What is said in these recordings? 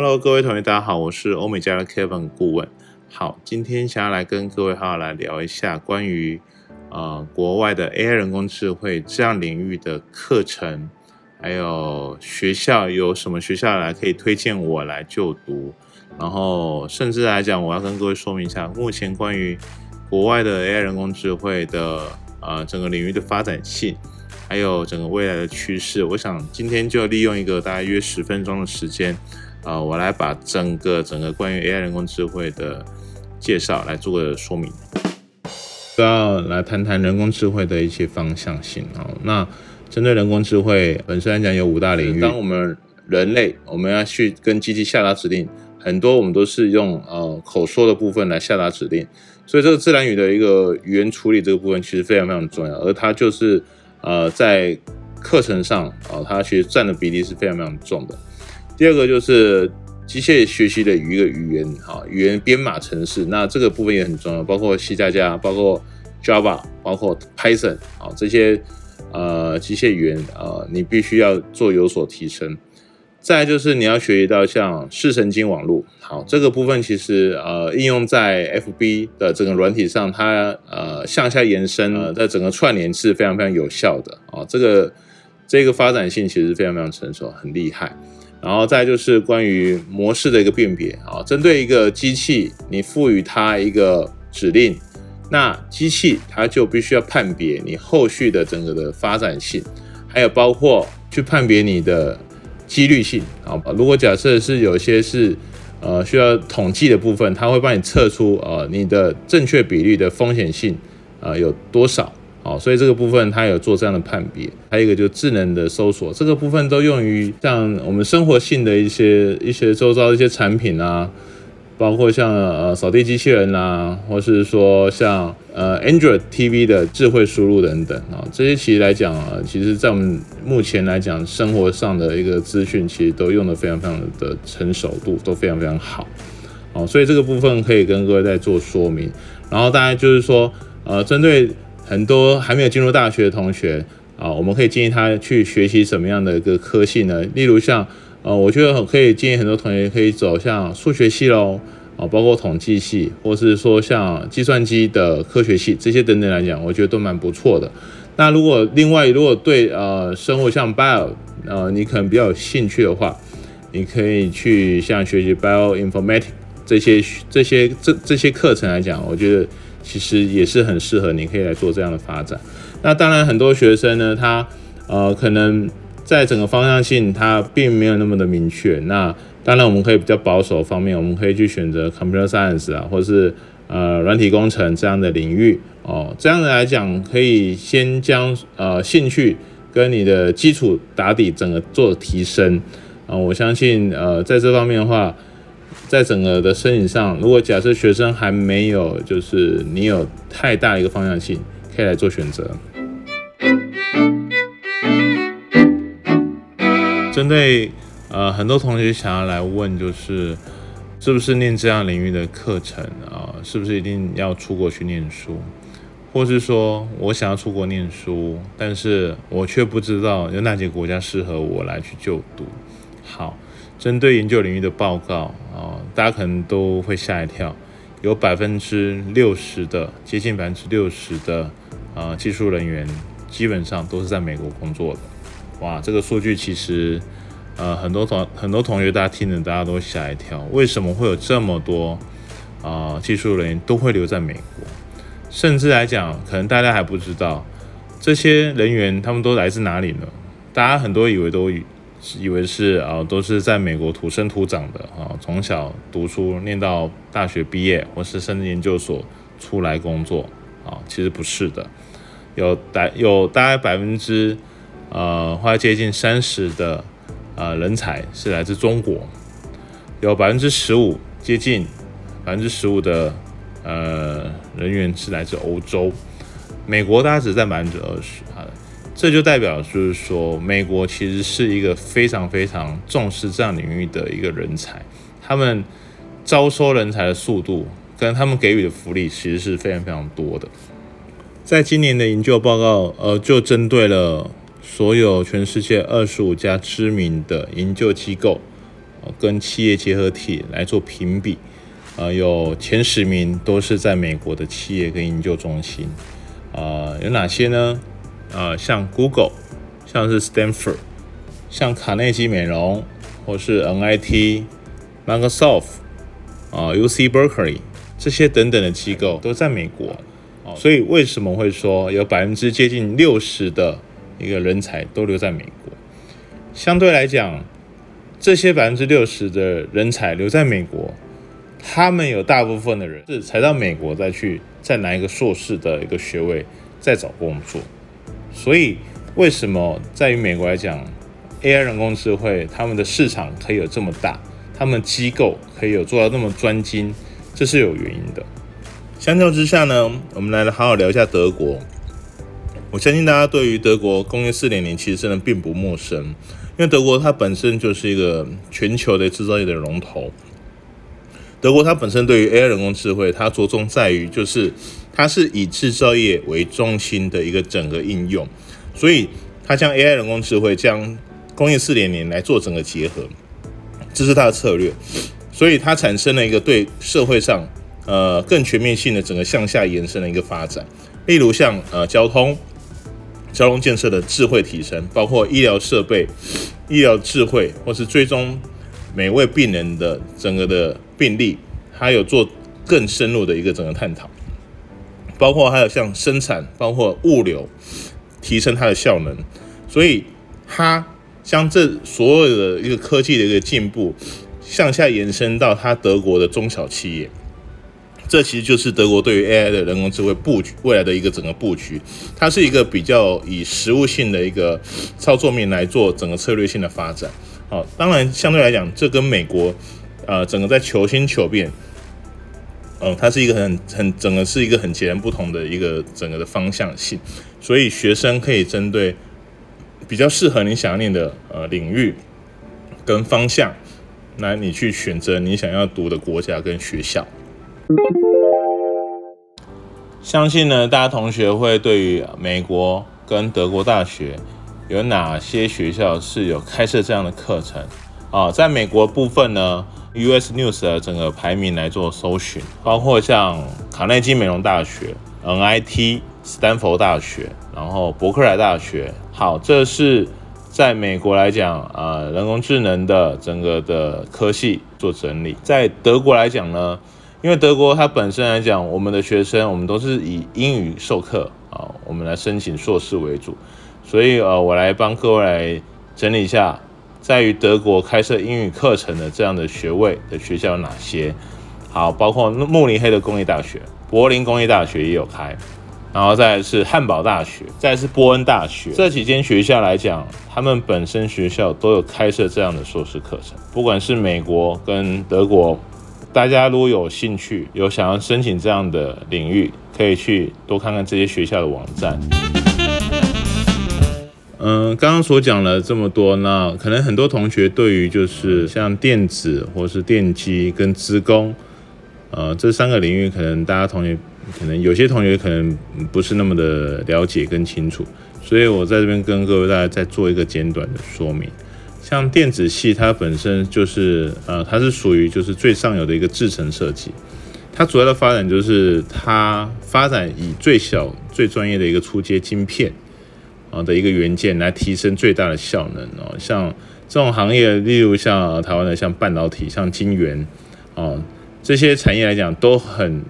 Hello，各位同學，大家好，我是歐美加的 Kevin 顧問。好，今天想要來跟各位好好來聊一下關於呃國外的 AI 人工智慧這樣領域的課程，還有學校有什麼學校來可以推薦我來就讀。然後，甚至來講，我要跟各位說明一下，目前關於國外的 AI 人工智慧的呃整個領域的發展性，還有整個未來的趨勢。我想今天就利用一個大約十分鐘的時間。啊，我來把整個整個關於 AI 人工智慧的介紹來做個說明。都要來談談人工智慧的一些方向性啊。那針對人工智慧本身來講，有五大領域。當我們人類我們要去跟機器下達指令，很多我們都是用呃口說的部分來下達指令，所以這個自然語的一個語言處理這個部分其實非常非常重要，而它就是呃在課程上啊、呃，它其實占的比例是非常非常重的。第二個就是機械學習的一個語言，哈，語言編碼程式，那這個部分也很重要，包括 C 加加，包括 Java，包括 Python，啊，這些呃機械語言，啊、呃，你必須要做有所提升。再來就是你要學習到像視神經網絡，好，這個部分其實呃應用在 FB 的整個軟體上，它呃向下延伸呢，在整個串聯是非常非常有效的，啊，這個這個發展性其實非常非常成熟，很厲害。然後再就是關於模式的一個辨別啊，針對一個機器，你賦予它一個指令，那機器它就必須要判別你後續的整個的發展性，還有包括去判別你的幾率性好吧，如果假設是有些是呃需要統計的部分，它會幫你測出呃你的正確比率的風險性啊、呃、有多少。哦，所以這個部分它有做這樣的判別，還有一個就智能的搜索，這個部分都用於像我們生活性的一些一些周遭的一些產品啊，包括像呃掃地機器人啊，或是說像呃 Android TV 的智慧輸入等等啊，這些其實來講啊，其實在我們目前來講，生活上的一個資訊其實都用得非常非常的成熟度都非常非常好，哦，所以這個部分可以跟各位再做說明，然後大家就是說呃針對。很多還沒有進入大學的同學啊，我們可以建議他去學習什麼樣的一個科系呢？例如像呃，我覺得可以建議很多同學可以走像數學系咯，啊，包括統計系，或是說像計算機的科學系這些等等來講，我覺得都蠻不錯的。那如果另外如果對呃生物像 bio 呃你可能比較有興趣的話，你可以去像學習 bioinformatics 這些這些這這些課程來講，我覺得。其實也是很適合你，可以來做這樣的發展。那當然，很多學生呢，他呃可能在整個方向性他並沒有那麼的明確。那當然，我們可以比較保守方面，我們可以去選擇 computer science 啊，或是呃軟體工程這樣的領域哦、呃。這樣子來講，可以先將呃興趣跟你的基礎打底，整個做提升啊、呃。我相信呃在這方面的話。在整個的申請上，如果假設學生還沒有，就是你有太大一個方向性，可以來做選擇。針對呃很多同學想要來問，就是是不是念這樣領域的課程啊？是不是一定要出國去念書？或是說我想要出國念書，但是我卻不知道有哪些國家適合我來去就讀？好，針對研究領域的報告。啊、呃，大家可能都會嚇一跳，有百分之六十的，接近百分之六十的，啊、呃，技術人員基本上都是在美國工作的。哇，這個數據其實，呃，很多同很多同學大家聽了大家都嚇一跳。為什麼會有這麼多啊、呃，技術人員都會留在美國？甚至來講，可能大家還不知道這些人員他們都來自哪裡呢？大家很多以為都以是以為是啊、呃，都是在美國土生土長的啊、呃，從小讀書念到大學畢業，或是甚至研究所出來工作啊、呃，其實不是的，有大有大概百分之呃，快接近三十的呃人才是來自中國，有百分之十五接近百分之十五的呃人員是來自歐洲，美國大概只佔百分之二十。這就代表，就是說，美國其實是一個非常非常重視這樣領域的一個人才，他們招收人才的速度跟他們給予的福利其實是非常非常多的。在今年的研究報告，呃，就針對了所有全世界二十五家知名的研究機構，呃，跟企業結合體來做評比，呃，有前十名都是在美國的企業跟研究中心，呃，有哪些呢？啊、呃，像 Google，像是 Stanford，像卡內基美隆，或是 MIT，Microsoft，啊、呃、，UC Berkeley 這些等等的機構都在美國，呃、所以為什麼會說有百分之接近六十的一個人才都留在美國？相對來講，這些百分之六十的人才留在美國，他們有大部分的人是才到美國再去再拿一個碩士的一個學位，再找工作。所以，為什麼在於美國來講，AI 人工智慧，他們的市場可以有這麼大，他們機構可以有做到那麼專精，這是有原因的。相較之下呢，我們來好好聊一下德國。我相信大家對於德國工業四點零其實呢並不陌生，因為德國它本身就是一個全球的製造業的龍頭。德國它本身對於 AI 人工智慧，它着重在於就是。它是以製造業為中心的一個整個應用，所以它將 AI 人工智慧將工業四點零來做整個結合，這是它的策略，所以它產生了一個對社會上呃更全面性的整個向下延伸的一個發展，例如像呃交通交通建設的智慧提升，包括醫療設備醫療智慧，或是追蹤每位病人的整個的病例，它有做更深入的一個整個探討。包括還有像生產，包括物流，提升它的效能，所以它將這所有的一個科技的一個進步，向下延伸到它德國的中小企業，這其實就是德國對於 AI 的人工智慧布局未來的一個整個布局，它是一個比較以實物性的一個操作面來做整個策略性的發展。好、哦，當然相對來講，這跟美國，啊、呃，整個在求新求變。嗯、呃，它是一個很很整個是一個很截然不同的一個整個的方向性，所以學生可以針對比較適合你想要念的，呃領域跟方向，來你去選擇你想要讀的國家跟學校。相信呢，大家同學會對於美國跟德國大學有哪些學校是有開設這樣的課程？啊，在美國部分呢，US News 的整個排名來做搜尋，包括像卡內基美容大學、MIT 斯坦福大學，然後伯克萊大學。好，這是在美國來講，啊、呃、人工智能的整個的科系做整理。在德國來講呢，因為德國它本身來講，我們的學生我們都是以英語授課啊、呃，我們來申請碩士為主，所以呃，我來幫各位來整理一下。在於德國開設英語課程的這樣的學位的學校有哪些？好，包括慕尼黑的工業大學、柏林工業大學也有開，然後再是漢堡大學，再是波恩大學。這幾間學校來講，他們本身學校都有開設這樣的碩士課程。不管是美國跟德國，大家如果有興趣、有想要申請這樣的領域，可以去多看看這些學校的網站。嗯，剛剛所講了這麼多，那可能很多同學對於就是像電子或是電機跟資工，呃，這三個領域，可能大家同學可能有些同學可能不是那麼的了解跟清楚，所以我在這邊跟各位大家再做一個簡短的說明。像電子系，它本身就是呃，它是屬於就是最上游的一個製程設計，它主要的發展就是它發展以最小最專業的一個初階晶片。的一個元件來提升最大的效能哦，像這種行業，例如像台灣的像半導體、像晶圓哦，這些產業來講，都很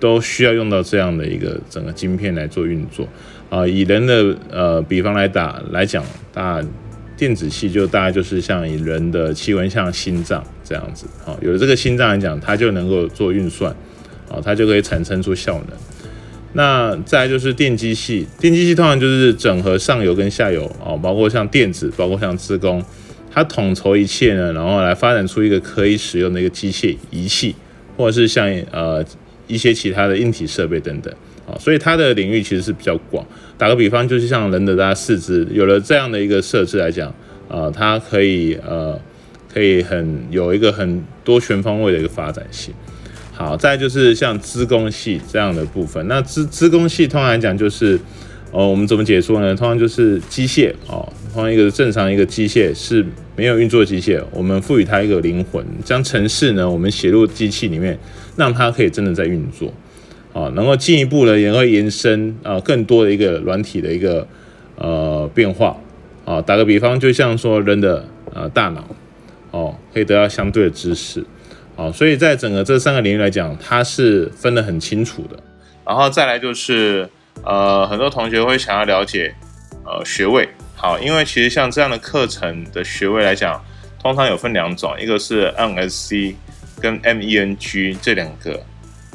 都需要用到這樣的一個整個晶片來做運作啊、哦。以人的呃比方來打來講，大電子器就大概就是像以人的器官，像心臟這樣子，好、哦，有了這個心臟來講，它就能夠做運算，啊、哦，它就可以產生出效能。那再來就是電機系，電機系通常就是整合上游跟下游啊，包括像電子，包括像資工，它統籌一切呢，然後來發展出一個可以使用的一個機械儀器，或者是像呃一些其他的硬體設備等等啊，所以它的領域其實是比較廣。打個比方，就是像人的大四肢，有了這樣的一個設置來講，呃，它可以呃可以很有一個很多全方位的一個發展性。好，再就是像資工系這樣的部分。那資資工系通常來講就是，哦、呃，我們怎麼解說呢？通常就是機械哦，通常一個正常一個機械是沒有運作機械，我們賦予它一個靈魂，將程式呢我們寫入機器裡面，讓它可以真的在運作，啊、哦，能夠進一步的也會延伸啊、呃、更多的一個軟體的一個呃變化啊、哦。打個比方，就像說人的呃大腦哦，可以得到相對的知識。好、哦，所以在整個這三個領域來講，它是分得很清楚的。然後再來就是，呃，很多同學會想要了解，呃，學位。好，因為其實像這樣的課程的學位來講，通常有分兩種，一個是 NSC 跟 MENG 這兩個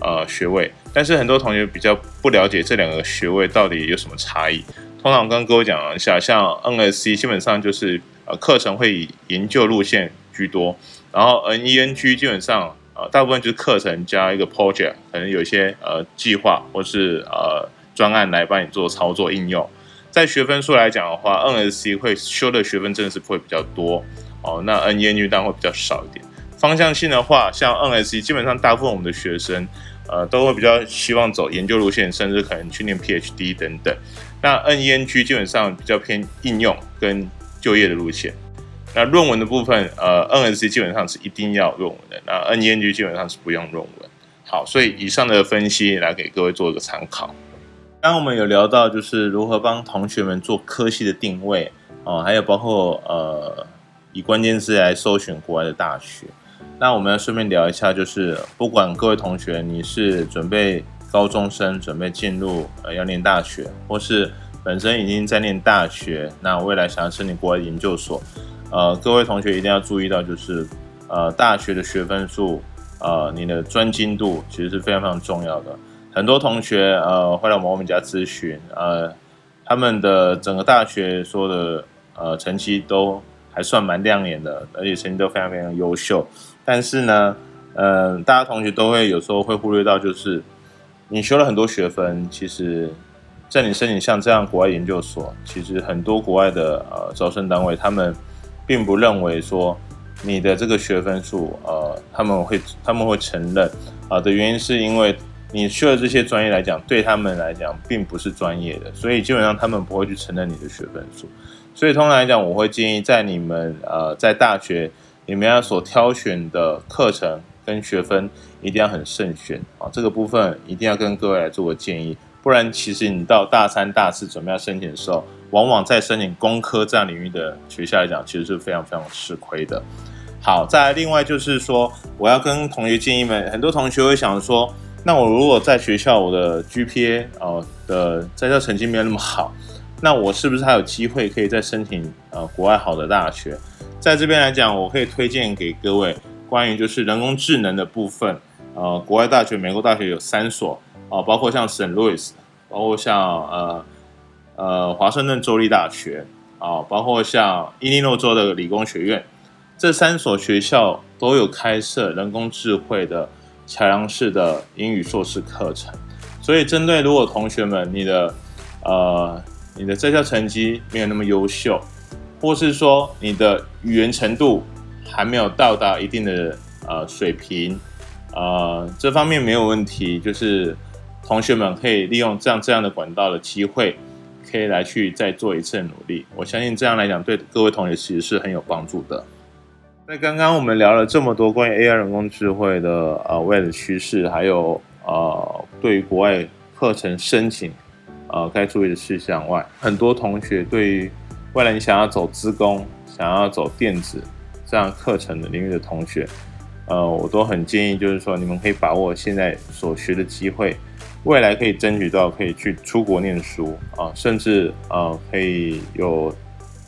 呃學位，但是很多同學比較不了解這兩個學位到底有什麼差異。通常我跟各位講一下，像 NSC 基本上就是呃課程會以研究路線居多。然後 N E N G 基本上，呃，大部分就是課程加一個 project，可能有一些呃計劃或是呃專案來幫你做操作應用。在學分數來講的話，N S C 會修的學分真的是會比較多哦，呃，那 N E N G 當然會比較少一點。方向性的話，像 N S C 基本上大部分我們的學生，呃，都會比較希望走研究路線，甚至可能去念 P H D 等等。那 N E N G 基本上比較偏應用跟就業的路線。那論文的部分，呃，NSC 基本上是一定要論文的，那 ENG 基本上是不用論文的。好，所以以上的分析來給各位做一個參考。剛剛我們有聊到，就是如何幫同學們做科系的定位哦、呃，還有包括呃，以關鍵字來搜尋國外的大學。那我們要順便聊一下，就是不管各位同學你是準備高中生準備進入、呃、要念大學，或是本身已經在念大學，那未來想要申請國外研究所。呃，各位同學一定要注意到，就是呃，大學的學分數，呃，你的專精度其實是非常非常重要的。很多同學呃，會來我們歐美加諮詢，呃，他們的整個大學說的呃成績都還算蠻亮眼的，而且成績都非常非常優秀。但是呢，呃，大家同學都會有時候會忽略到，就是你修了很多學分，其實，在你申請像這樣國外研究所，其實很多國外的呃招生單位他們。並不認為說你的這個學分數，呃，他們會他們會承認啊、呃、的原因是因為你修的這些專業來講，對他們來講並不是專業的，所以基本上他們不會去承認你的學分數。所以通常來講，我會建議在你們呃在大學裡面要所挑選的課程跟學分一定要很慎選啊、呃，這個部分一定要跟各位來做個建議，不然其實你到大三大四準備要申請的時候。往往在申請工科這樣領域的學校來講，其實是非常非常吃虧的。好，再來另外就是說，我要跟同學建議們，很多同學會想說，那我如果在學校我的 GPA 啊、呃、的在校成績沒有那麼好，那我是不是還有機會可以再申請呃國外好的大學？在這邊來講，我可以推薦給各位關於就是人工智能的部分，呃，國外大學，美國大學有三所，哦、呃，包括像 St. Louis，包括像呃。呃，華盛頓州立大學啊，呃，包括像伊利諾州的理工學院，這三所學校都有開設人工智慧的橋梁式的英語碩士課程。所以，針對如果同學們你的呃你的在校成績沒有那麼優秀，或是說你的語言程度還沒有到達一定的呃水平，呃這方面沒有問題，就是同學們可以利用這樣這樣的管道的機會。可以來去再做一次的努力，我相信這樣來講對各位同學其實是很有幫助的。那剛剛我們聊了這麼多關於 AI 人工智慧的呃未來的趨勢，還有呃對於國外課程申請呃該注意的事項外，很多同學對於未來你想要走資工、想要走電子這樣課程的領域的同學，呃，我都很建議就是說你們可以把握現在所學的機會。未來可以爭取到，可以去出國念書啊，甚至啊，可以有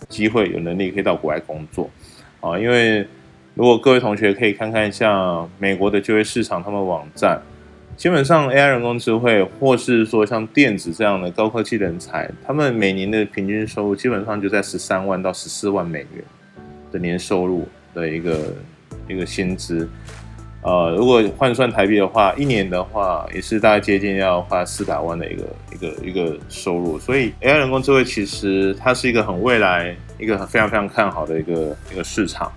機會、有能力可以到國外工作啊。因為如果各位同學可以看看像美國的就業市場，他們網站，基本上 AI 人工智慧，或是說像電子這樣的高科技人才，他們每年的平均收入基本上就在十三萬到十四萬美元的年收入的一個一個薪資。呃，如果換算台幣的話，一年的話也是大概接近要花四百萬的一個一個一個收入。所以 AI 人工智慧其實它是一個很未來、一個非常非常看好的一個一個市場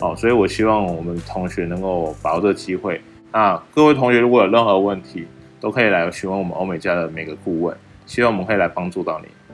哦。所以我希望我們同學能夠把握這個機會。那各位同學如果有任何問題，都可以來詢問我們歐美加的每個顧問，希望我們可以來幫助到你。